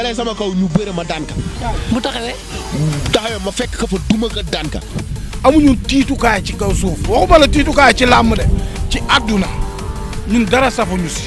dalee sama kaw ñu bëre ma daan bu taxawee. taxawee ma fekk ka fa duma ka amuñu tiitukaay ci kaw suuf waxuma la ci làmb de ci dara safuñu si.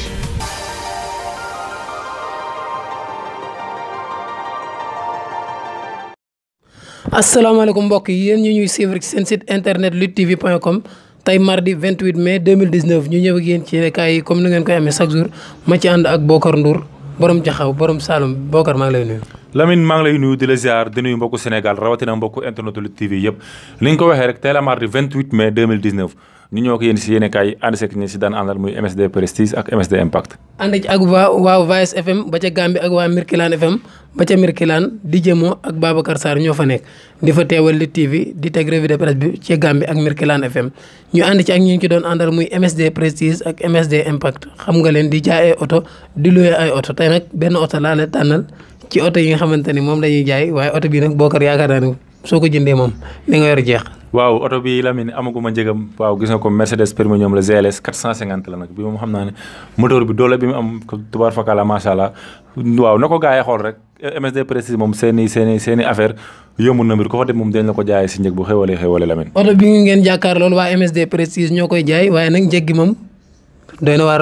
asalaamaaleykum mbokk yi yéen ñu ñuy suivre ci seen site internet luttetv.com tey mardi 28 ñu ñëw ak yéen ci yéenekaay comme ni ngeen koy amee chaque jour ma ci ànd ak Bokar Ndour. borom jaxaw borom Saloum Bokar maa ngi lay nuyu. Lamine maa ngi lay nuyu di la ziar di nuyu mbokku Sénégal rawatina mbokku internet Lutte TV yëpp li ko waxee rek tey la mardi 28 mai 2019 ñu ñoo ko yéen si yéen a kaay ànd si daan àndal muy MSD Prestige ak MSD Impact. ànd ci ak waa waa Voice FM ba ca ak waa Mirkilan FM ba ca Mirkilaan di jëmoo ak Babacar Sarr ñoo fa nekk di fa teewal li TV di teg revue de presse bi ci Gambie ak Mirkilaan FM ñu ànd ci ak ñu ci doon àndal muy MSD Prestige ak MSD Impact xam nga leen di jaay ay oto di luwee ay oto tey nag benn oto laa la tànnal ci oto yi nga xamante ni moom la ñuy jaay waaye oto bii nag Bokar yaakaar naa ne soo ko jëndee moom li nga yor jeex. waaw oto bi Lamine amaguma njegam waaw gis nga ko Mercedes permis ñoom la GLS 450 la nag bi moom xam naa ne moteur bi doole bi mu am tubaar fakala macha allah waaw na ko gars yi xool rek MSD précise moom seen seen affaire yombul na mbir ko moom dañ la ko jaayee si njëg bu xéwalee xéwalee Lamine. oto koy jaay waaye nag njëg gi moom. doy na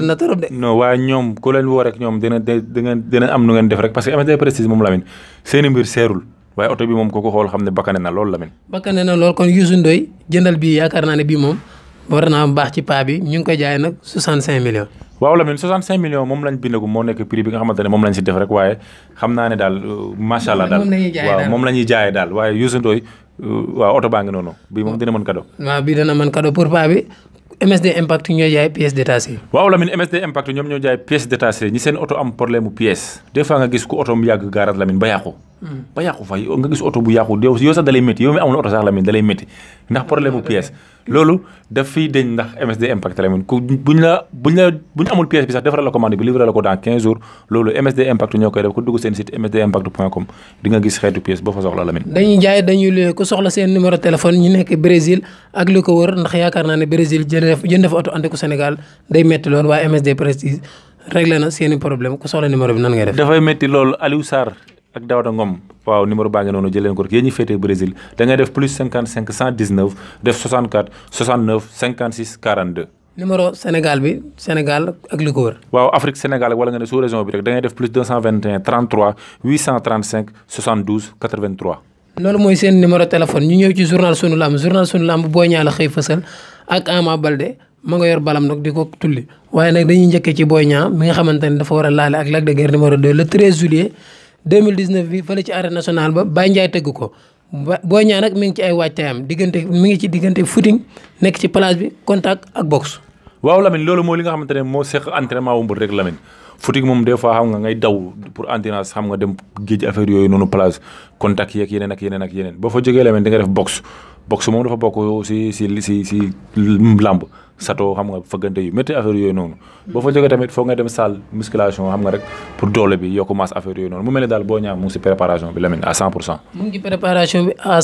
na trop de. non waaye ñoom woo rek ñoom dina dina dina am nu ngeen def rek parce que moom Lamine seen i mbir seerul. waaye oto bi moom kooku xool xam ne bakkane na lool Lamine. bakkane na lool kon Youssou Ndoye jëndal bii yaakaar naa ne bii moom jaay nag 65 millions. waaw Lamine moom lañ bindagum moo nekk prix bi nga xamante ne moom lañ def rek waaye xam naa ne daal euh, macha daal waaw moom la ñuy daal waaye Youssou Ndoye euh, waaw oto baa ngi noonu bii moom dina mën kado. waaw bii dana mën kado pour paa MSD Impact ñooy jaay pièces détachées waaw Lamine MSD Impact ñoom ñoo jaay pièces détachées ñi seen oto am problème mu pièce nga gis ku oto mu yàgg garage Lamine ba yàqu hmm. ba yàqu fa nga gis oto bu yàqu yow sax dalay métti yow mi amul oto sax Lamine dalay métti ndax problème mu loolu daf fiy ndax MSD impact la ku buñ la buñ la buñ amul pièce bi sax defaral la commande bi livré la ko dans 15 jours loolu MSD impact ñoo koy def ku dugg seen site MSD impact point com di gis xeetu pièce boo fa soxla Lamine. dañuy jaay dañuy luy ku soxla seen numéro téléphone ñu nekk Brésil ak li ko wër ndax yaakaar naa ne Brésil jënd jënd fa oto andi ko Sénégal day metti loolu waaye MSD Prestige réglé na seen problème ku soxla ak Daouda Ngom waaw numéro baa ngi noonu jëleen ko rek yéen ñi féetee Brésil da def plus 55 119 def 64 69 56 42. numéro Sénégal bi Sénégal ak li wër. waaw Afrique Sénégal wala nga ne sous région bi rek da def plus 221 33 835 72 83. loolu mooy seen numéro téléphone ñu ñëw ci journal sunu lamb journal sunu lamb Boy Niang la ci Boy Niang mi nga 2019 bi fële ci arène nationale ba Baye Ndiaye tëgg ko Boy Niang nag mi ngi ci ay waajtaayam diggante mi ngi ci diggante footing nekk ci place bi contact ak boxe. waaw Lamine loolu moo li nga xamante ne moo seq entraînement wu mbër rek Lamine footing moom des fois xam nga ngay daw pour endurance xam dem géej affaire yooyu noonu place contact yeeg yeneen ak yeneen ak yeneen boo fa jógee Lamine di nga def boxe boxe moom dafa bokk si si si si làmb sato xam nga fëggante yu métti affaire yooyu noonu boo fa jógee tamit foog nga dem salle musculation xam nga rek pour doole bi yokku masse affaire yooyu noonu mu mel ne daal boo ñaa mu ngi si préparation bi Lamine à cent pour cent mu ngi préparation bi à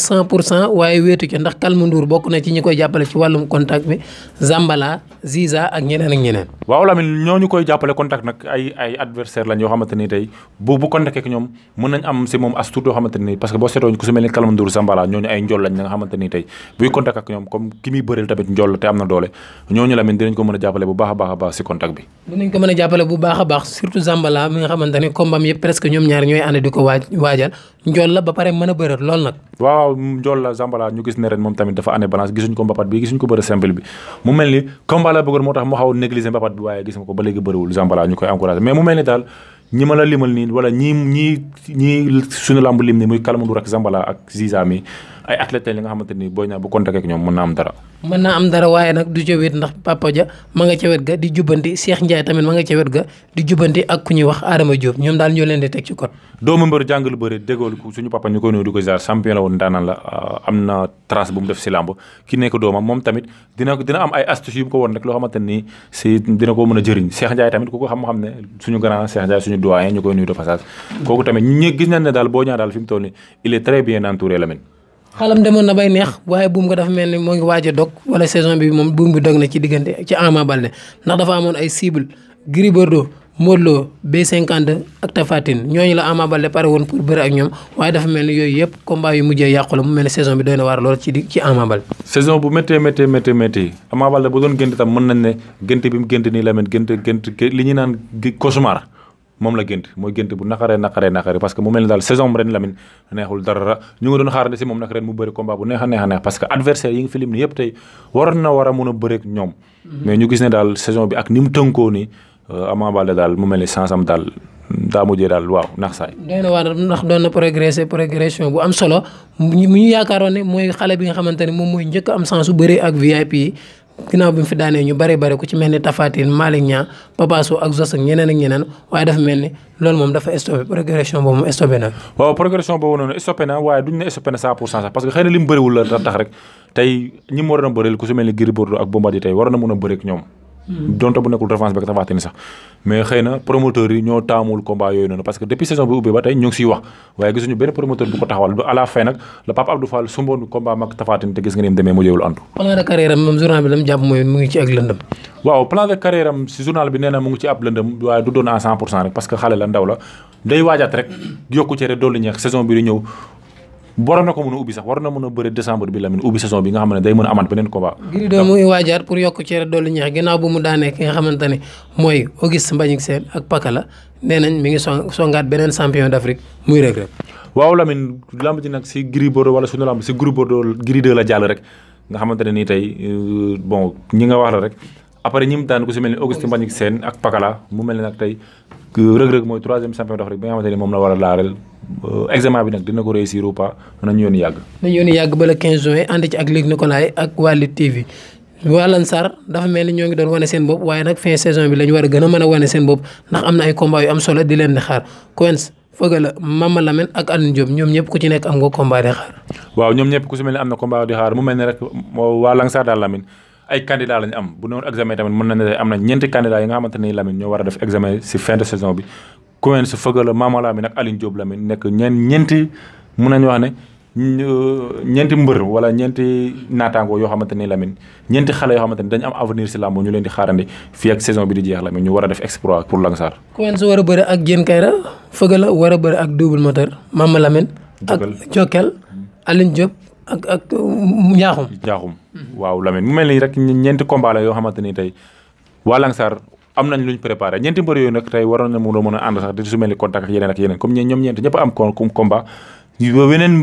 waaye wéetu ci ndax Kalmu Ndour bokk na ci ñi koy jàppale ci wàllum contact bi Zambala Ziza ak ñeneen ak ñeneen waaw Lamine ñoo koy jàppale contact nag ay adversaire lañ yoo tey bu bu contacté ak ñoom mën nañ am si ñooñu Lamine dinañ ko mën a jàppale bu baax a baax si contact bi. dinañ ko mën a jàppale bu baax a baax surtout Zambala mi nga xamante ne combat am yëpp presque ñoom ñaar ñooy a bëreet lool nag. waaw njool la moom tamit dafa ànd balance gisuñ ko mbapat bi gisuñ ko bëre simple bi mu mel ni combat la bëggoon moo tax mu xaw a négliger mbapat bi waaye gis nga ko ba léegi bëriwul Zambala ñu koy encouragé mais mu mel ni daal ñi limal nii wala ñi ñi suñu lamb lim ni muy Kalmoudour ak Zambala ak Ziza mi ay athlètes li nga xamante ni Boy Niang bu contact ak ñoom mën na am dara mën naa am dara waaye nag du ca wet ndax Papa Dia ma nga ca wet ga di jubbanti Cheikh Ndiaye tamit ma nga ca wet ga di jubbanti ak ku ñuy wax Adama Diop ñoom daal ñoo leen di teg ci kot doomu mbër jàngal bëri déggool suñu papa ñu koy nuyu di ko jaar champion la euh, am si moom tamit dina dina am ay astuce yu mu ko loo xamante ni mën a jëriñ Cheikh Ndiaye tamit ku ko xam xam ne suñu grand Cheikh Ndiaye suñu doyen ñu koy nuyu de kooku tamit ñi gis nañ ne daal Boy Niang daal fi mu toll ni il est très bien entouré Lamine xalam demoon na bay neex waaye buum nga dafa mel ni moo ngi waaj dog wala saison bi moom buum bi dog na ci diggante ci Ama Baldé ndax dafa amoon ay cible Gris Bordeaux Modou Lo B52 ak Tapha Tine ñooñu la Ama Baldé pare woon pour bëri ak ñoom waaye dafa mel ni yooyu yëpp combat yu mujjee yàqu la mu mel ne saison bi doy na waar lool ci di ci Ama Baldé saison bu méttee méttee méttee méttee Ama Baldé bu doon gént tam mën nañ ne gént bi mu gént nii la mel gént gént li ñuy naan cauchemar moom la gént mooy gént bu naqaree naqaree parce que mu mel ni daal saison ren Lamine neexul dara ñu ngi doon xaarandi si moom nag ren mu bëri ñoom mhm. mais ñu gis ne daal saison bi ak ni mu tënkoo euh, daal mu mel ni sansam daal daa mujjee daal waaw ndax saay doon na progressé progression bu am solo mu ñu yaakaaroon ne mooy xale bi nga xamante moom mooy njëkk am sens su ak VIP ginnaaw bi mu fi daanee ñu bare bare ku ci mel ni Tapha Tine Malick Niang Papa Sow ak Zos ak ñeneen ak waaye dafa mel ni loolu moom dafa stoppé progression boobu moom stoppé na. waaw progression boobu noonu stoppé na waaye duñ ne stoppé na 100 pour cent sax parce que xëy na li mu la tax rek tey ñi mu waroon a bëreel ku si mel ni Gris Bordeaux ak Bombardier tey waroon na mën a bëreeg ñoom Hmm. donte bu nekkul revanche beeg Tapha Tine sax mais xëy na promoteurs yi ñoo taamul combat yooyu noonu parce que depuis saison bi ubbee ba tey ñu ngi wax waaye gisuñu benn promoteur bu ko taxawal à la fin la Pape Abdou Fall sumboon combat mag Tapha Tine te gis nga ni mooy mu ngi ci plan de carrière si journal bi nee na ngi ci ab lëndëm waaye du doon à 100 pour cent rek parce que xale la ndaw la day waajaat rek yokku cere dolli waroon na ko mën a ubbi sax waroon na mën a bëre décembre bi Lamine ubbi saison bi nga xam a amaat beneen combat. Gris 2 mu ngi waajaat pour ne mooy Auguste Mbagnick Sène ak Pakala nee nañ mi ngi song songaat beneen champion d'Afrique muy Reug Reug. waaw Lamine lamb ji nag si Gris Bordeaux wala suñu lamb si Gris Bordeaux Gris 2 la jàll rek nga xamante ne nii tey euh, bon ñi nga wax la rek après ñi mu daan ku si mel ni Auguste Mbagnick seen ak Pakala mu mel ne nag tey rëg-rëg mooy troisième champion d'Afrique bi nga xamante ni moom la war a laareel euh, examen bi nag dina ko réussir ou pas nañu yoon yàgg. nañu yoon yàgg ba ci ak Luc ak waa TV waa Lansar dafa mel ni ñoo ngi doon wane seen bopp waaye nag fin saison bi la war a gën a mën a wane seen bopp ndax am na ay combat yu am solo di leen di xaar Quench Feugeula Mama Lamine ak Alioune Diop ñoom ñëpp ku ci nekk am nga combat di xaar. waaw ñoom ñëpp ku si mel ni am na combat di xaar ay candidats lañu am bu noonu examen tamit mën nañu ne am na ñeenti candidats yi nga xamante ni Lamine ñoo war a def examen si fin de saison bi Coen su Feugueleu Mama Lamine ak Aline Diop Lamine nekk ñeen ñeenti mun wala ñeenti naataangoo yoo xamante ni Lamine ñeenti xale yoo xamante ni dañu am avenir si làmb ñu leen di xaarandi fii ak saison bi di jeex a def exploit pour Langsar. Coen su a bëri ak Diène Kayra Feugueleu war a bëri ak Double Moteur ak ak ñaaxum. Uh, ñaaxum waaw Lamine mu mel nii rek ñeenti combat la yoo xamante ni tey waa Langsar am nañ luñ préparé ñeenti mbër yooyu nag tey waroon na mën a mën a ànd sax di su mel ni contact ak yeneen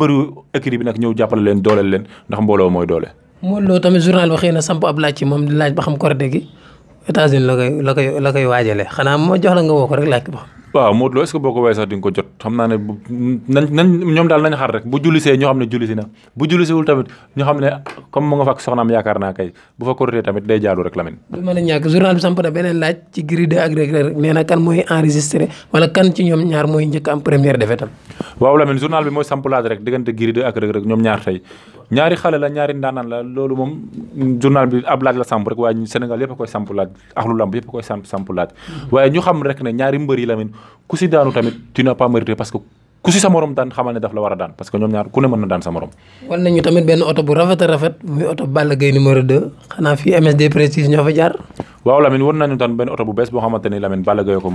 ak nag ñëw jàppale leen dooleel leen ndax mbooloo mooy doole. Modou Lo tamit journal bi xëy na samp ab laaj moom laaj ba xam Korité gi États-Unis la koy la koy la koy waajalee xanaa moo jox la nga woo ko rek laaj ko waaw Modou Lo est-ce boo ko waaye sax di ko jot xam naa ne nañ nañ ñoom daal nañ xaar rek bu jullisee ñoo xam ne jullisi na bu jullisiwul tamit ñu xam ne comme mu a fàkk soxnaam yaakaar naa kay bu fa korité tamit day jaadu rek Lamine du mën a ñàkk journal bi samp na beneen laaj ci Gris 2 ak Reug kan mooy enregistré wala kan ci ñoom ñaar mooy njëkk am première défaite am waaw Lamine journal bi mooy sampulaat rek diggante Gris 2 ak Reug Reug ñoom ñaar tey ñaari xale la ñaari ndaanaan la loolu moom journal bi ab la samp rek waaye Sénégal yëpp a koy sampulaat axlu lamb yëpp a koy samp sampulaat hmm. waaye ñu a ñaar ku ne mën na daan sa morom. wan nañu tamit benn oto bu rafet a rafet muy oto Balla Gaye numéro 2 xanaa fii MSD Prestige ñoo fa jaar. waaw Lamine wan nañu daan benn oto bu bees boo xamante ni Lamine Balla Gaye ko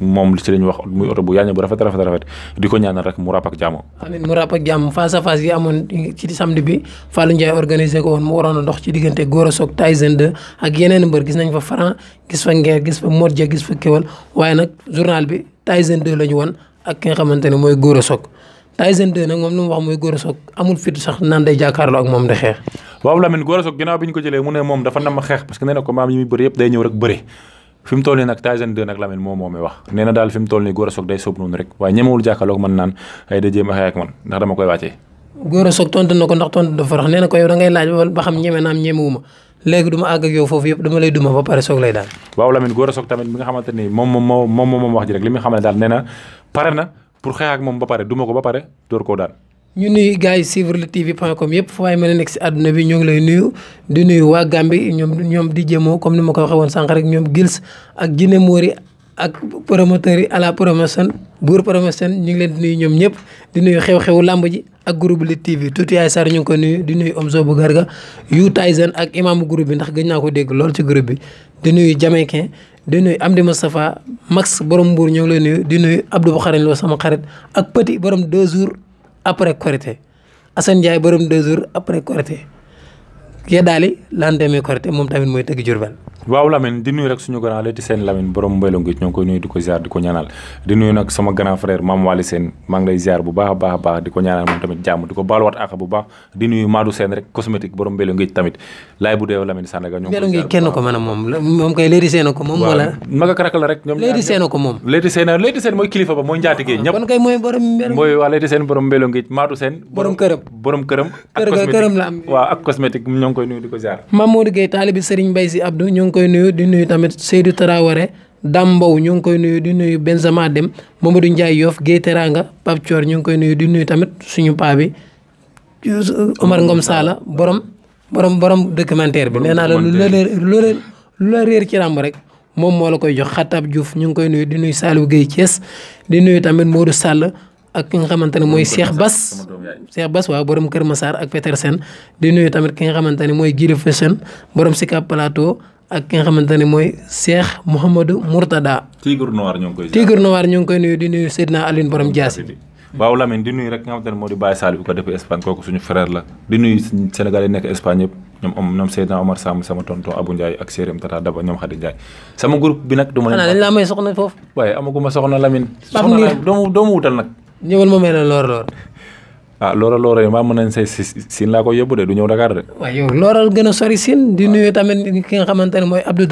moom ci lañu wax muy oto bu yaañu bu rafet rafet rafet di ko ñaanal rek mu ràpp ak jàmm. amiin mu ràpp yi amoon ci samedi bi Fallou Ndiaye organisé ko woon mu waroon a dox ci diggante Gora Sock Tyson 2 ak fa Franc gis gis fa Modja gis waaye nag journal bi Tyson 2 la ñu woon ak xamante ne mooy Gora Sock Tyson 2 nag moom lu mu wax mooy Gora Sock amul fit sax naan day jàkkaarloo ak moom di xeex. waaw Lamine Gora Sock ginnaaw bi ñu ko jëlee mu ne moom dafa nam xeex parce que nee ko maam yi muy bëri yëpp day ñëw rek bëri fi mu toll nii nag Tyson 2 nag Lamine moo mi wax nee na daal fi mu toll nii a Sock day soob noonu rek waaye ñemewul jàkkaarloog man naan ay da jéem a xëy ak man ndax dama koy wàccee Gora Sock tontu na ko ndax tontu dafa rax nee na ko yow da ngay laaj ba xam ñeme naam ñemewuma léegi du ma àgg ak yow foofu lay duma ba pare soog lay daal waaw Lamine Gora Sock tamit mi nga xamante ni moom moom moom moom wax ji rek li muy xam ne daal nee na pare na pour xeex ak moom ba pare ko ba pare door koo daan ñu nuyu gars yi suivre Lutte TV point com yëpp fu waaye mën nekk si àdduna bi ñoo lay nuyu di nuyu waa Gambie ñoom ñoom di jëmoo comme ni ma ko waxee woon sànq rek ñoom Gils ak Jine Mori ak promoteurs yi à la promotion buur promotion ñu ngi leen di nuyu ñoom ñëpp di nuyu xew-xewu làmb ji ak group Lutte TV tuuti yaay Sarr ñu ngi ko nuyu di nuyu Omzo bu Garga yu Tyson ak imaamu groupe bi ndax gëj naa ko dégg lool ci groupe bi di nuyu Jamaïcain di nuyu Amdi Moustapha Max borom mbuur ñoo ngi lay nuyu di nuyu Abdou Boukhari Lo sama xarit ak Petit borom deux jours après Korité Assane Ndiaye borom deux jours après Korité kii daal di lendemain Korité moom tamit mooy tëgg Diourbel. waaw Lamine di nuyu rek suñu grand la di seen Lamine borom mbaylo ngi ñoo koy nuyu di ko ziar di ko ñaanal di nuyu nag sama grand frère Mame Waly Sène maa ngi lay ziar bu baax a baax a baax di ko ñaanal moom tamit jàmm di ko baaluwaat àq bu baax di nuyu Madou Sène rek cosmétique borom mbaylo ngi tamit laay bu dee wala Lamine Sandaga ñoom Bello Ngueye kenn ko moom moom kay léedi seen ko moom wala mag ak rak la rek ñoom léedi seen ko moom léedi seen léedi seen mooy kilifa ba mooy njaatige ñëpp kon kay mooy borom mooy waa léedi seen borom Bello Ngueye maatu ngi koy nuyu di ko ziar Mamadou Gueye taalibi Serigne Mbaye Sy Abdou ñoo ngi koy nuyu tamit Seydou Traoré Dame Mbow koy nuyu di nuyu Benzema Deme Mamadou Ndiaye Yoff Gueye Teranga Pape Thior ñoo koy nuyu di nuyu tamit suñu paa bi Omar Ngom Sala borom borom borom documentaire bi nee naa la lu la lu la réer ci làmb rek moom moo la koy jox xatab Diouf ñu ngi koy nuyu di nuyu Saliou Gueye Thiès di nuyu tamit Modou sàll ak ki nga xamante ne mooy Cheikh bas Cheikh Bass waaw borom Kër Massar ak Petersen di nuyu tamit ki nga xamante ne mooy Gili Fashion borom Sicap Plateau ak ki nga xamante ne mooy Cheikh Mouhamadou Mourtada. Tigre Noir ñu ngi koy. Tigre Noir ñu ngi koy nuyu di nuyu Seydina Aline borom Diassi. waaw Lamine di nuyu rek nga xamante ne moo di Baye Saliou ko depuis Espagne kooku suñu frère la di nuy Sénégal yi nekk Espagne yëpp ñoom om ñoom Seydina Omar Sam sama tonton Abou Ndiaye ak séeréem Tata Daba ñoom Khady Ndiaye sama groupe bi nag du ma xanaa dañ laa may soxna foofu waaye amaguma soxna Lamine soxna doomu doomu wutal nag ñëwal ma may la loor loor ah loora loora yi maa mën nañ say si siin laa ko yóbbu de du ñëw Dakar de waaw yow loora gën a sori siin di nuyu ki nga xamante ne mooy Abdou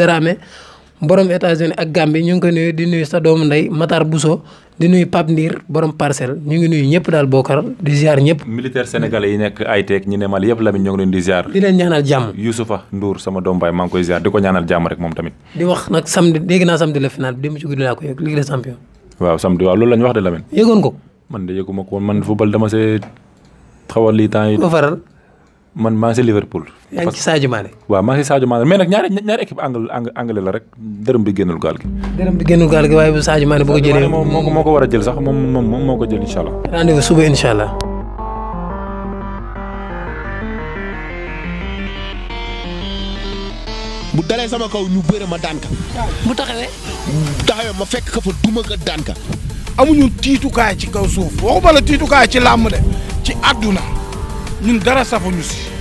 borom États-Unis ak Gambie ñu ngi ko nuyu di nuyu sa doomu ndey Matar Bousso di nuyu Pape Ndir borom parcelle ñu ngi nuy ñëpp daal bookar di ziar ñëpp. militaire sénégalais yi nekk ay teeg ñi ne Mali yëpp Lamine ñoo ngi leen di ziar. di leen ñaanal jàmm. Youssoufa Ndour sama doom baay maa koy ziar di ko ñaanal jàmm rek moom tamit. di wax nag samedi dégg naa samedi la finale bi dem ci guddi laa ko yëg Ligue des champions. waaw samedi waaw loolu la wax de Lamine. yëgoon ko. man de yëguma ko man football dama see xawal lii faral. man maa ngi si Liverpool. yaa ngi ci Sadio Mané. waaw maa ngi si Sadio Mané mais nag ñaari ñaari équipe anglais la rek dërëm bi génnul gaal dërëm bi génnul gaal gi waaye bu Sadio Mané bu ko jëlee. moo moo ko war a jël sax moom moom moo ko jël incha allah. rendez-vous suba incha allah. bu dalee sama kaw ñu bëre ma daan ka. bu taxawee. bu ma fekk ka fa duma ka daan ka. amuñu tiitukaay ci kaw suuf waxuma la tiitukaay ci làmb de ci àdduna. ñun dara safuñu si